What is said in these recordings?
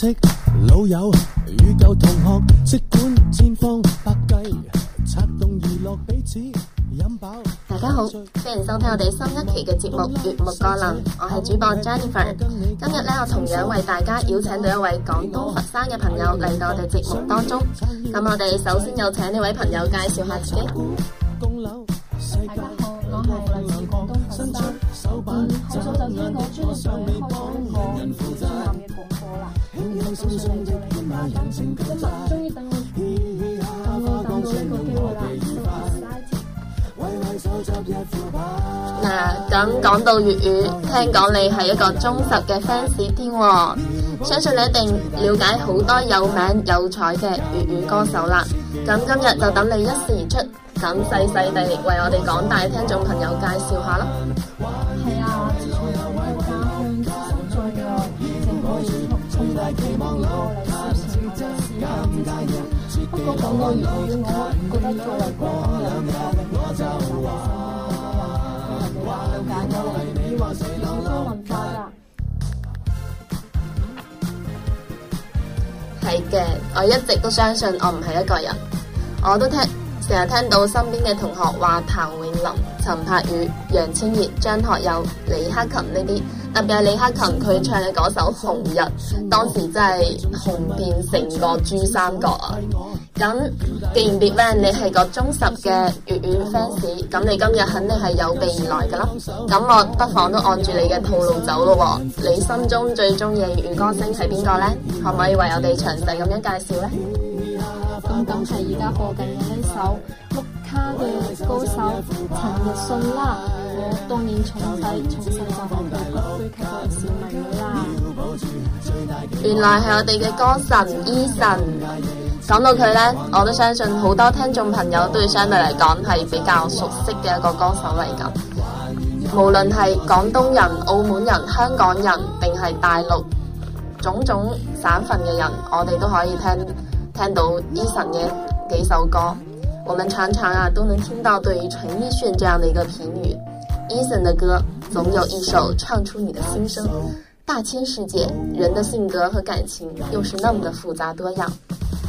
大家好，歡迎收聽我哋新一期嘅節目《粵木歌林》，我係主播 Jennifer。今日呢，我同樣為大家邀請到一位廣東佛山嘅朋友嚟到我哋節目當中。咁我哋首先有請呢位朋友介紹下自己。心中的一萬人聲共讚。嘻嘻哈，花光千嬌我被愉快。嗱，咁講到粵語，聽講你係一個忠實嘅 fans 添喎，相信你一定瞭解好多有名有才嘅粵語歌手啦。咁今日就等你一時而出，咁細細地為我哋廣大聽眾朋友介紹下啦。不過講到而家，我覺得我哋作為個人就零零散散咁多人，最近比較了解嘅嚟，以為是張雲策。係嘅，我一直都相信我唔係一個人，我都聽成日聽到身邊嘅同學話譚詠麟、陳柏宇、楊千嬅、張學友、李克勤呢啲。特別係李克勤佢唱嘅嗰首《紅日》，當時真係紅遍成個珠三角啊！咁既然別 van，你係個忠實嘅粵語粉絲，咁你今日肯定係有備而來㗎啦！咁我不妨都按住你嘅套路走咯。你心中最中意嘅粵語歌星係邊個呢？可唔可以為我哋詳細噉樣介紹咧？咁，咁係而家播緊嘅呢首《卡拉嘅歌手》陳奕迅啦。我當然重，重細重細就係歌曲嘅小名啦。原來係我哋嘅歌神 Eason。講到佢咧，我都相信好多聽眾朋友都對相對嚟講係比較熟悉嘅一個歌手嚟㗎。無論係廣東人、澳門人、香港人，定係大陸種種省份嘅人，我哋都可以聽聽到 Eason 嘅幾首歌。我們常常啊，都能聽到對於陳奕迅這樣的一個評語。Eason 的歌總有一首唱出你的心聲，大千世界，人的性格和感情又是那麼的複雜多樣，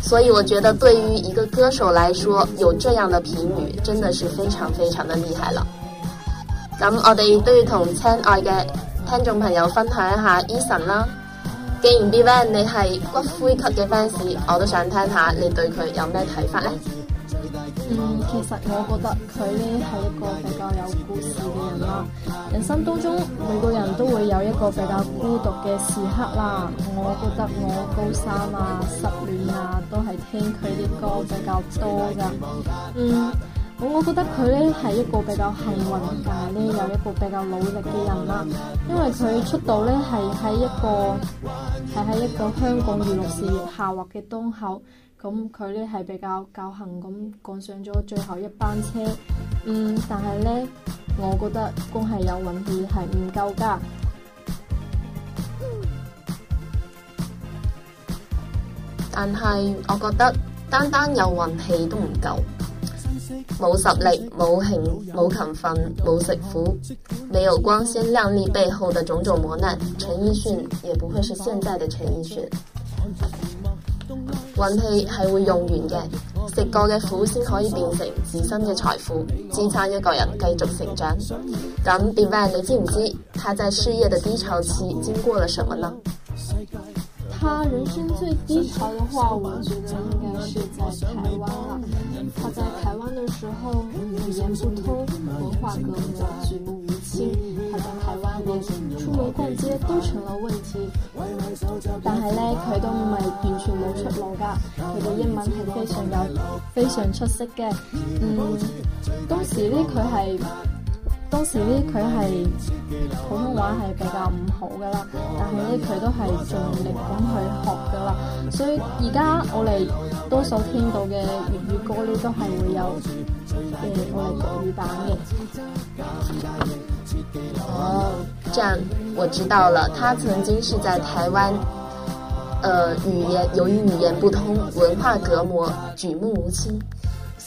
所以我覺得對於一個歌手來說，有這樣的評語真的是非常非常的厲害了。咱、嗯、們 Audy 對同親愛嘅聽眾朋友分享一下 Eason 啦，既然 Bvan i 你係骨灰級嘅 f a 我都想聽下你對佢有咩睇法呢？嗯，其實我覺得佢呢係一個比較有故事嘅人啦。人生當中每個人都會有一個比較孤獨嘅時刻啦。我覺得我高三啊失戀啊都係聽佢啲歌比較多噶。嗯，我我覺得佢呢係一個比較幸運的，但係呢，有一個比較努力嘅人啦。因為佢出道呢係喺一個係喺一個香港娛樂事業下滑嘅當口。咁佢呢係比較幸運咁趕上咗最後一班車，嗯，但係呢，我覺得光係有運氣係唔夠㗎。但係我覺得單單有運氣都唔夠，冇實力、冇興、冇勤奮、冇食苦，沒有光鮮亮麗背後的種種磨難，陳奕迅也不會是現在的陳奕迅。運氣是會用完的，吃過的苦才可以變成自身的財富，支撐一個人繼續成長。咁 David 你知不知基，他在事業的低潮期經過了什麼呢？他人生最低潮的話，我覺得應該是在台灣了。他、嗯、在台灣的時候，語言不通，文化隔膜，舉目無親，他在台灣連出門逛街都成了問題。但是呢，佢都唔係完全冇出路噶。佢嘅英文係非常有、非常出色嘅。嗯，當時呢，佢係。當時呢佢係普通話係比較唔好㗎喇，但係呢佢都係盡力去學㗎喇，所以而家我哋多數聽到嘅粵語歌呢都係會有、呃、我哋國語版嘅。哦，這樣我知道了，他曾經是在台灣，呃，語言由於語言不通，文化隔膜，舉目無親。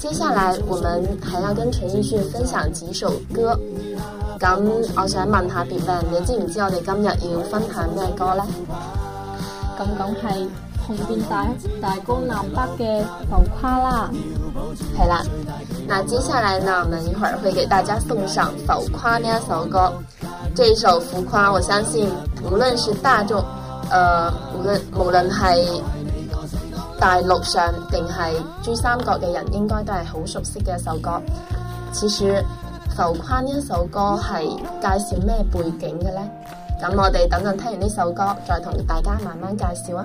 接下來我們還要跟陳奕迅分享幾首歌，咁我想問下辯辯，你知唔知道我哋今日要分享咩歌呢？咁咁係《紅遍大，大江南北》嘅浮誇啦，係啦，那接下來呢，我們一會兒會給大家送上浮誇呢首歌。這首浮誇，我相信無論是大眾，呃，無論無論係。大陸上定係珠三角嘅人，應該都係好熟悉嘅一首歌。此說《浮誇》呢一首歌係介紹咩背景嘅呢？咁我哋等陣聽完呢首歌，再同大家慢慢介紹啊！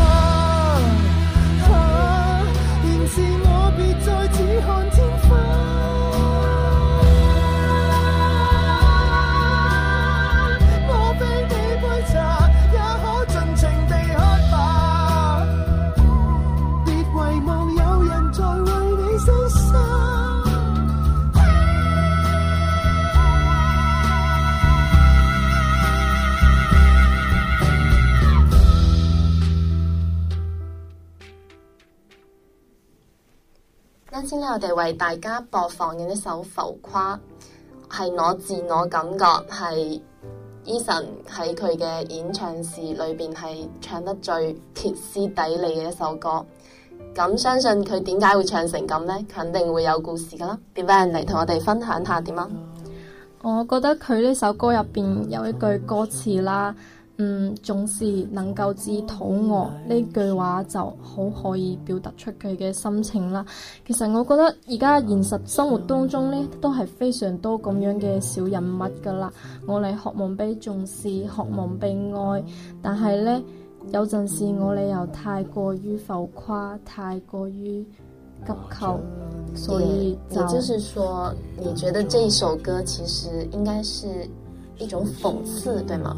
啱先我哋為大家播放嘅呢首《浮誇》，係我自我感覺係 Eason 喺佢嘅演唱會裏面係唱得最歇斯底里嘅一首歌。咁相信佢點解會唱成咁呢？肯定會有故事㗎啦。點解人嚟同我哋分享一下點啊？我覺得佢呢首歌入面有一句歌詞啦。嗯，總是能夠治肚餓呢句話就好可以表達出佢嘅心情啦。其實我覺得而家現實生活當中呢，都係非常多咁樣嘅小人物噶啦。我哋渴望被重視，渴望被愛，但係呢，有陣時我哋又太過於浮誇，太過於急求，所以就。欸，你就是說，你覺得這首歌其實應該是一種諷刺，對嗎？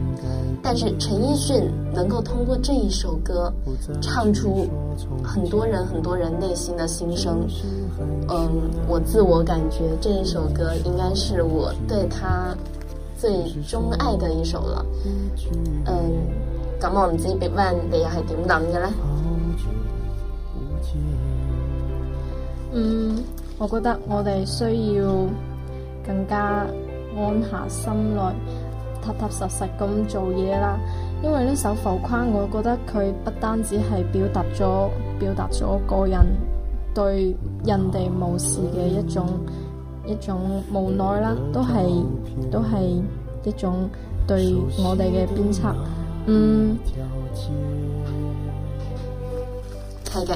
但是陳奕迅能夠通過這一首歌唱出很多人很多人內心的心聲，嗯，我自我感覺這一首歌應該是我對他最鍾愛的一首了。嗯，咁我唔知 BigBang 你又係點諗嘅咧？嗯，我覺得我哋需要更加安下心來。踏踏實實咁做嘢啦，因為呢首浮誇，我覺得佢不單止係表達咗，表達咗個人對人哋無視嘅一種、啊、一種一種無奈啦，都係都係一種對我哋嘅鞭策，嗯，啊、係嘅。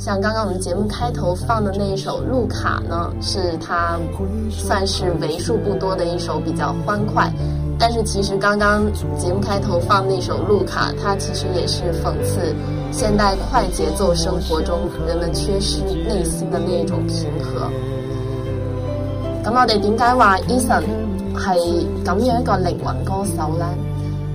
像剛剛我們節目開頭放的那一首《路卡》呢，是它算是為數不多的一首比較歡快。但是其實剛剛節目開頭放那首《路卡》，它其實也是諷刺現代快節奏生活中人們缺失內心的那一種平和。咁我哋點解話 Eason 係咁樣一個靈魂歌手呢？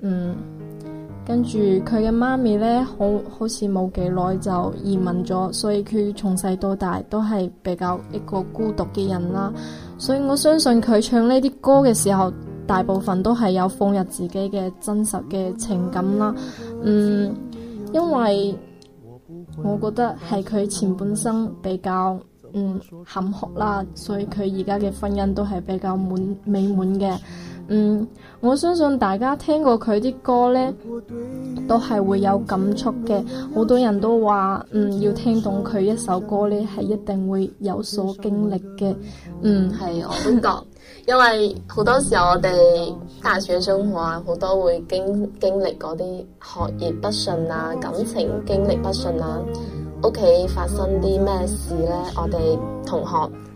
嗯，跟住佢嘅媽咪呢，好好似冇幾耐就移民咗，所以佢從細到大都係比較一個孤獨嘅人啦。所以我相信佢唱呢啲歌嘅時候，大部分都係有放入自己嘅真實嘅情感啦。嗯，因為我覺得係佢前半生比較嗯坎坷啦，所以佢而家嘅婚姻都係比較滿美滿嘅。嗯，我相信大家聽過佢啲歌咧，都係會有感觸嘅。好多人都話，嗯，要聽懂佢一首歌咧，係一定會有所經歷嘅。嗯，係我都覺，因為好多時候我哋大學生活啊，好多會經經歷嗰啲學業不順啊，感情經歷不順啊，屋企發生啲咩事咧，我哋同學。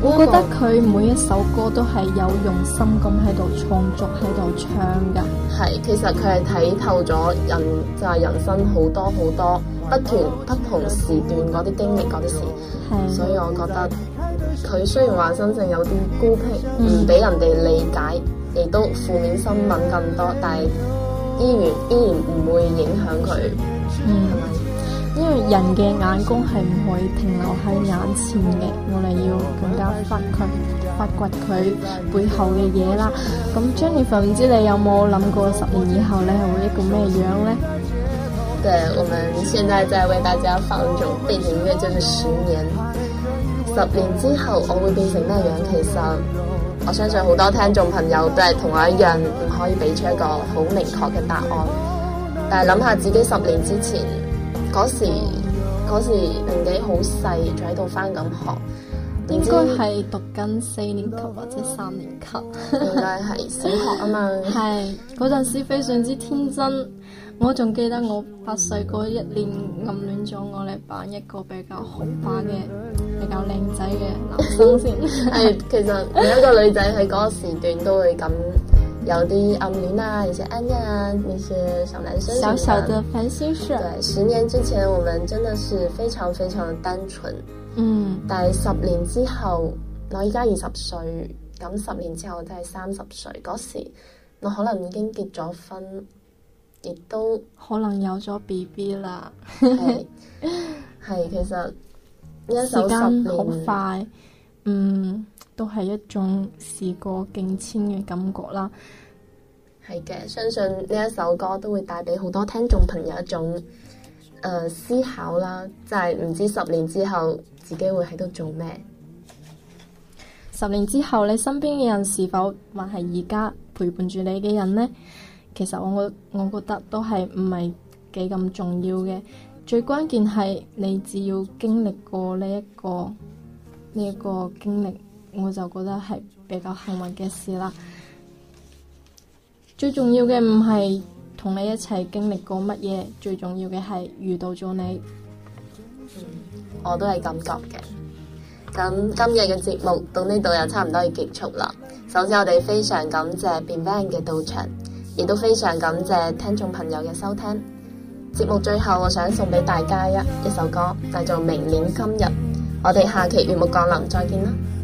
我覺得佢每一首歌都係有用心咁喺度創作，喺度唱嘅。係，其實佢係睇透咗人，就係、是、人生好多好多，不斷不同時段嗰啲經歷，嗰啲事。係。所以我覺得佢雖然話真正有啲孤僻，唔、嗯、俾人哋理解，亦都負面新聞更多，但係依然依然唔會影響佢。嗯，係咪。因為人嘅眼光係唔可以。留喺眼前嘅，我哋要更加發掘、發掘佢背後嘅嘢啦。咁，Jennifer，唔知你有冇諗過十年以後咧，你會一個咩樣咧？對，我們現在在為大家放一種背景音樂，就是《十年》。十年之後我會變成咩樣？其實我相信好多聽眾朋友都係同我一樣，唔可以俾出一個好明確嘅答案。但係諗下自己十年之前嗰時。嗰時年紀好細，仲喺度返緊學，應該係讀緊四年級或者三年級，應該係小學啊嘛。係，嗰陣時非常之天真，我仲記得我八歲嗰一年暗戀咗我哋班一個比較紅髮嘅、比較靚仔嘅男生先。係， 其實每一個女仔喺嗰個時段都會咁。有啲暗戀啊，而且暗戀啊，那些小男生、啊，小小的煩心事。對，十年之前我們真的是非常非常單純，嗯。但係十年之後，我依家二十歲，咁十年之後我真係三十歲，嗰時我可能已經結咗婚，亦都可能有咗 B B 啦。係， 係，其實時間好快，嗯。都係一種時過境遷嘅感覺啦。係嘅，相信呢一首歌都會帶俾好多聽眾朋友一種誒、呃、思考啦，就係、是、唔知十年之後自己會喺度做咩？十年之後，你身邊嘅人是否還係而家陪伴住你嘅人呢？其實我我覺得都係唔係幾咁重要嘅，最關鍵係你只要經歷過呢、這、一個呢一、這個經歷。我就覺得係比較幸運嘅事啦。最重要嘅唔係同你一齊經歷過乜嘢，最重要嘅係遇到咗你。我都係感覺嘅。咁今日嘅節目到呢度就差唔多要結束啦。首先我哋非常感謝 band 嘅到場，亦都非常感謝聽眾朋友嘅收聽。節目最後我想送俾大家一首歌，叫做《明年今日》。我哋下期節目降臨，再見啦！